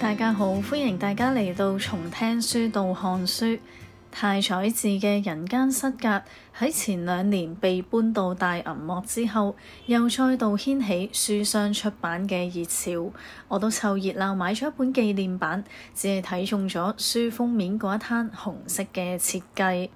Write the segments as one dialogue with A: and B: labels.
A: 大家好，歡迎大家嚟到從聽書到看書。太宰治嘅《人間失格》喺前兩年被搬到大銀幕之後，又再度掀起書商出版嘅熱潮。我都湊熱鬧買咗一本紀念版，只係睇中咗書封面嗰一灘紅色嘅設計。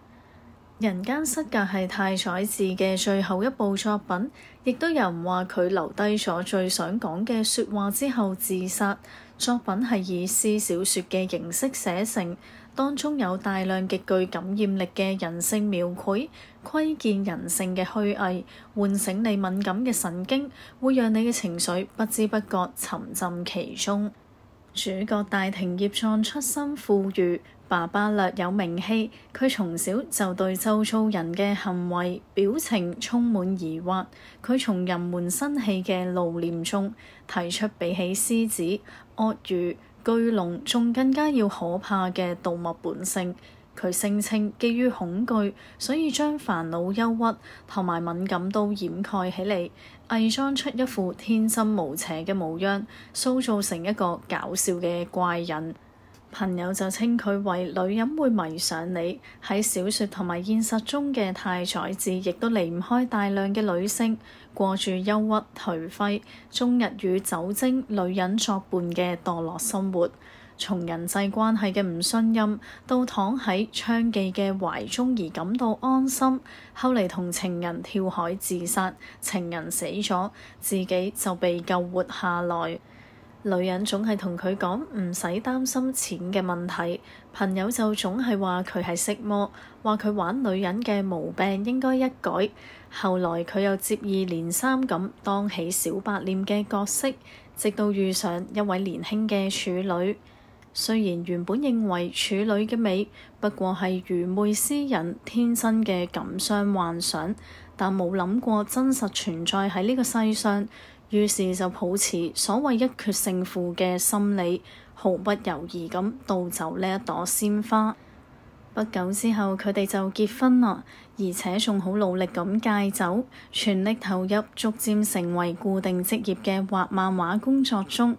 A: 人間失格係太宰治嘅最後一部作品，亦都有人話佢留低咗最想講嘅說話之後自殺。作品係以私小說嘅形式寫成，當中有大量極具感染力嘅人性描繪，窺見人性嘅虛偽，喚醒你敏感嘅神經，會讓你嘅情緒不知不覺沉浸其中。主角大庭葉藏出身富裕，爸爸略有名氣。佢從小就對周遭人嘅行為表情充滿疑惑。佢從人們生氣嘅露臉中，提出比起獅子、鱷魚、巨龍，仲更加要可怕嘅動物本性。佢聲稱基於恐懼，所以將煩惱、憂鬱同埋敏感都掩蓋起嚟，偽裝出一副天真無邪嘅模樣，塑造成一個搞笑嘅怪人。朋友就稱佢為女人會迷上你。喺小說同埋現實中嘅太宰治亦都離唔開大量嘅女性，過住憂鬱頹廢、終日與酒精、女人作伴嘅墮落生活。從人際關係嘅唔信任，到躺喺娼妓嘅懷中而感到安心，後嚟同情人跳海自殺，情人死咗，自己就被救活下來。女人總係同佢講唔使擔心錢嘅問題，朋友就總係話佢係色魔，話佢玩女人嘅毛病應該一改。後來佢又接二連三咁當起小白臉嘅角色，直到遇上一位年輕嘅處女。雖然原本認為處女嘅美不過係愚昧詩人天生嘅感傷幻想，但冇諗過真實存在喺呢個世上，於是就抱持所謂一決勝負嘅心理，毫不猶豫咁盜走呢一朵鮮花。不久之後，佢哋就結婚啦，而且仲好努力咁戒酒，全力投入逐漸成為固定職業嘅畫漫畫工作中。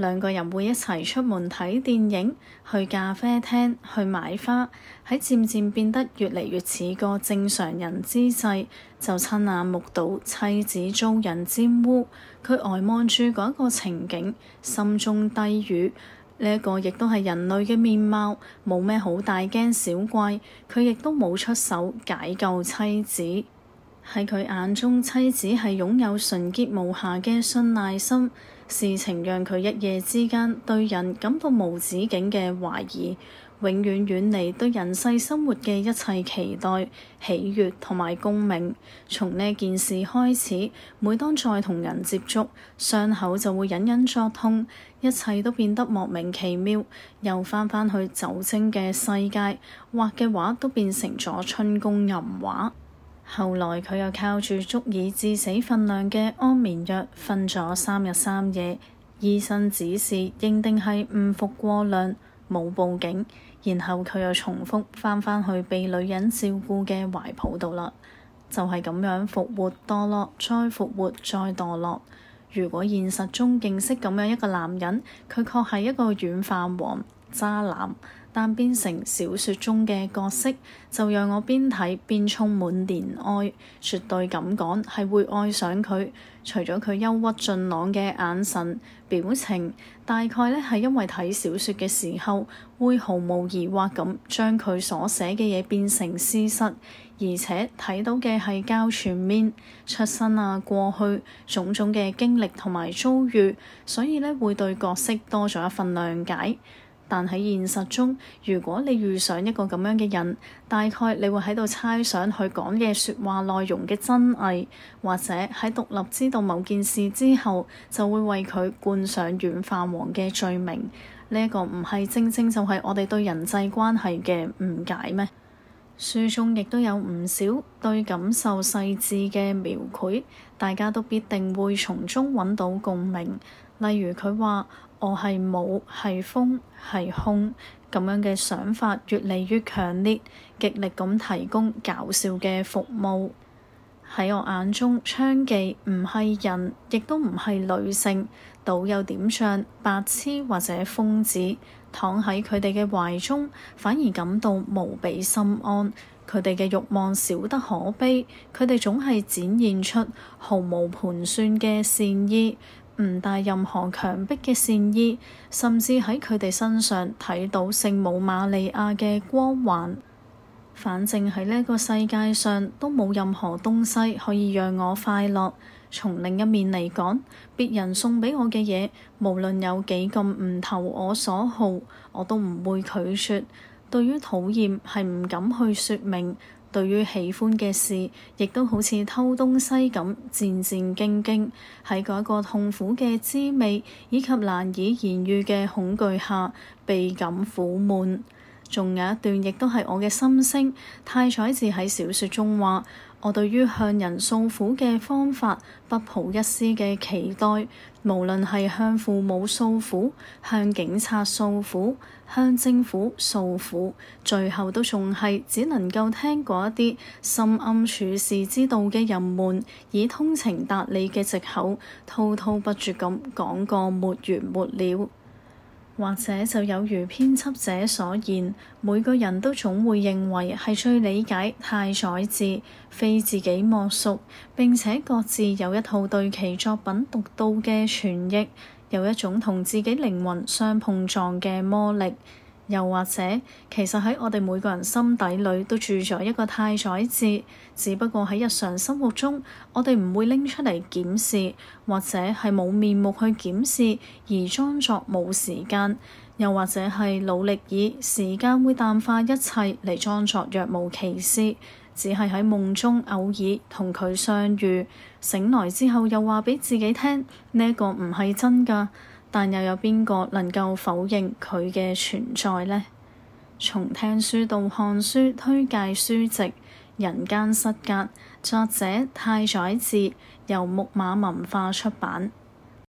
A: 兩個人會一齊出門睇電影，去咖啡廳，去買花，喺漸漸變得越嚟越似個正常人之際，就親眼目睹妻子遭人玷污。佢呆望住嗰一個情景，心中低語：呢一個亦都係人類嘅面貌，冇咩好大驚小怪。佢亦都冇出手解救妻子。喺佢眼中，妻子係擁有純潔無瑕嘅信賴心，事情讓佢一夜之間對人感到無止境嘅懷疑，永遠遠離對人世生活嘅一切期待、喜悅同埋功名。從呢件事開始，每當再同人接觸，傷口就會隱隱作痛，一切都變得莫名其妙。又翻返去酒精嘅世界，畫嘅畫都變成咗春宮淫畫。後來佢又靠住足以致死分量嘅安眠藥瞓咗三日三夜，醫生指示認定係誤服過量，冇報警。然後佢又重複翻返去被女人照顧嘅懷抱度啦，就係咁樣復活墮落，再復活再墮落。如果現實中認識咁樣一個男人，佢確係一個軟飯王渣男。但變成小説中嘅角色，就讓我邊睇邊充滿憐愛，絕對噉講係會愛上佢。除咗佢憂鬱俊朗嘅眼神、表情，大概咧係因為睇小説嘅時候會毫無疑惑咁將佢所寫嘅嘢變成事實，而且睇到嘅係較全面出身啊、過去、種種嘅經歷同埋遭遇，所以咧會對角色多咗一份諒解。但喺現實中，如果你遇上一個咁樣嘅人，大概你會喺度猜想佢講嘅說話內容嘅真偽，或者喺獨立知道某件事之後，就會為佢冠上軟飯王嘅罪名。呢、這、一個唔係正正就係我哋對人際關係嘅誤解咩？書中亦都有唔少對感受細緻嘅描繪，大家都必定會從中揾到共鳴。例如，佢話：我係冇，係風，係空咁樣嘅想法，越嚟越強烈，極力咁提供搞笑嘅服務。喺我眼中，娼妓唔係人，亦都唔係女性。倒有點像白痴或者瘋子。躺喺佢哋嘅懷中，反而感到無比心安。佢哋嘅欲望少得可悲。佢哋總係展現出毫無盤算嘅善意，唔帶任何強迫嘅善意，甚至喺佢哋身上睇到聖母瑪利亞嘅光環。反正喺呢個世界上都冇任何東西可以讓我快樂。從另一面嚟講，別人送畀我嘅嘢，無論有幾咁唔投我所好，我都唔會拒絕。對於討厭係唔敢去說明，對於喜歡嘅事，亦都好似偷東西咁戰戰兢兢，喺嗰個痛苦嘅滋味以及難以言喻嘅恐懼下，倍感苦悶。仲有一段，亦都係我嘅心聲，太宰治喺小說中話，我對於向人訴苦嘅方法，不抱一絲嘅期待。無論係向父母訴苦、向警察訴苦、向政府訴苦，最後都仲係只能夠聽過一啲深諳處事之道嘅人們以通情達理嘅借口，滔滔不絕咁講個沒完沒了。或者就有如編輯者所言，每個人都總會認為係最理解太宰治非自己莫屬，並且各自有一套對其作品獨到嘅傳譯，有一種同自己靈魂相碰撞嘅魔力。又或者，其實喺我哋每個人心底裏都住著一個太宰治，只不過喺日常生活中，我哋唔會拎出嚟檢視，或者係冇面目去檢視，而裝作冇時間；又或者係努力以時間會淡化一切嚟裝作若無其事，只係喺夢中偶爾同佢相遇，醒來之後又話畀自己聽呢個唔係真㗎。但又有邊個能夠否認佢嘅存在呢？從聽書到看書，推介書籍《人間失格》，作者太宰治，由木馬文化出版。